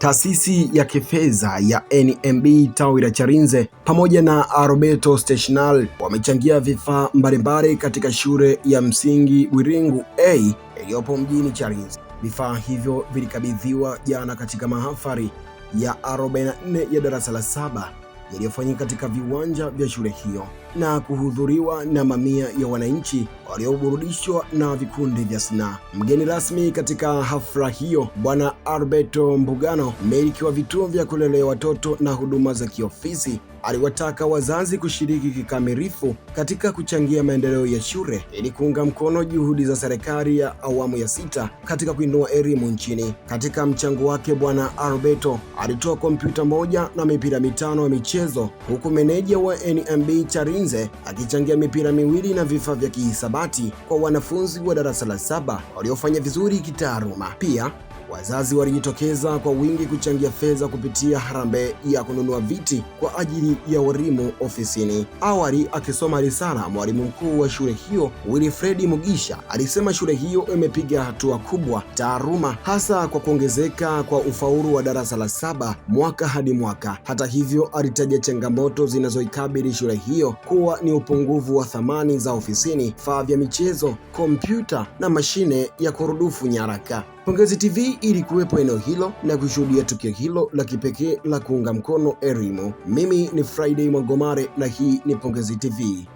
taasisi ya kifedha ya NMB tawi la Chalinze pamoja na Roberto Stational wamechangia vifaa mbalimbali katika shule ya msingi Bwiringu A iliyopo mjini Chalinze. Vifaa hivyo vilikabidhiwa jana katika mahafali ya 44 ya darasa la saba yaliyofanyika katika viwanja vya shule hiyo na kuhudhuriwa na mamia ya wananchi walioburudishwa na vikundi vya sanaa. Mgeni rasmi katika hafla hiyo Bwana Alberto Mbugano, mmiliki wa vituo vya kulelea watoto na huduma za kiofisi, aliwataka wazazi kushiriki kikamilifu katika kuchangia maendeleo ya shule ili kuunga mkono juhudi za serikali ya awamu ya sita katika kuinua elimu nchini. Katika mchango wake, Bwana Alberto alitoa kompyuta moja na mipira mitano ya michezo michezo, huku meneja wa NMB Charinze akichangia mipira miwili na vifaa vya kihisabati kwa wanafunzi wa darasa la saba waliofanya vizuri kitaaluma. Pia wazazi walijitokeza kwa wingi kuchangia fedha kupitia harambee ya kununua viti kwa ajili ya walimu ofisini. Awali akisoma risala, mwalimu mkuu wa shule hiyo Wilfredi Mugisha alisema shule hiyo imepiga hatua kubwa taaluma, hasa kwa kuongezeka kwa ufaulu wa darasa la saba mwaka hadi mwaka. Hata hivyo, alitaja changamoto zinazoikabili shule hiyo kuwa ni upungufu wa thamani za ofisini, vifaa vya michezo, kompyuta na mashine ya kurudufu nyaraka. Pongezi TV ilikuwepo eneo hilo na kushuhudia tukio hilo la kipekee la kuunga mkono elimu. Mimi ni Friday mwagomare na hii ni Pongezi TV.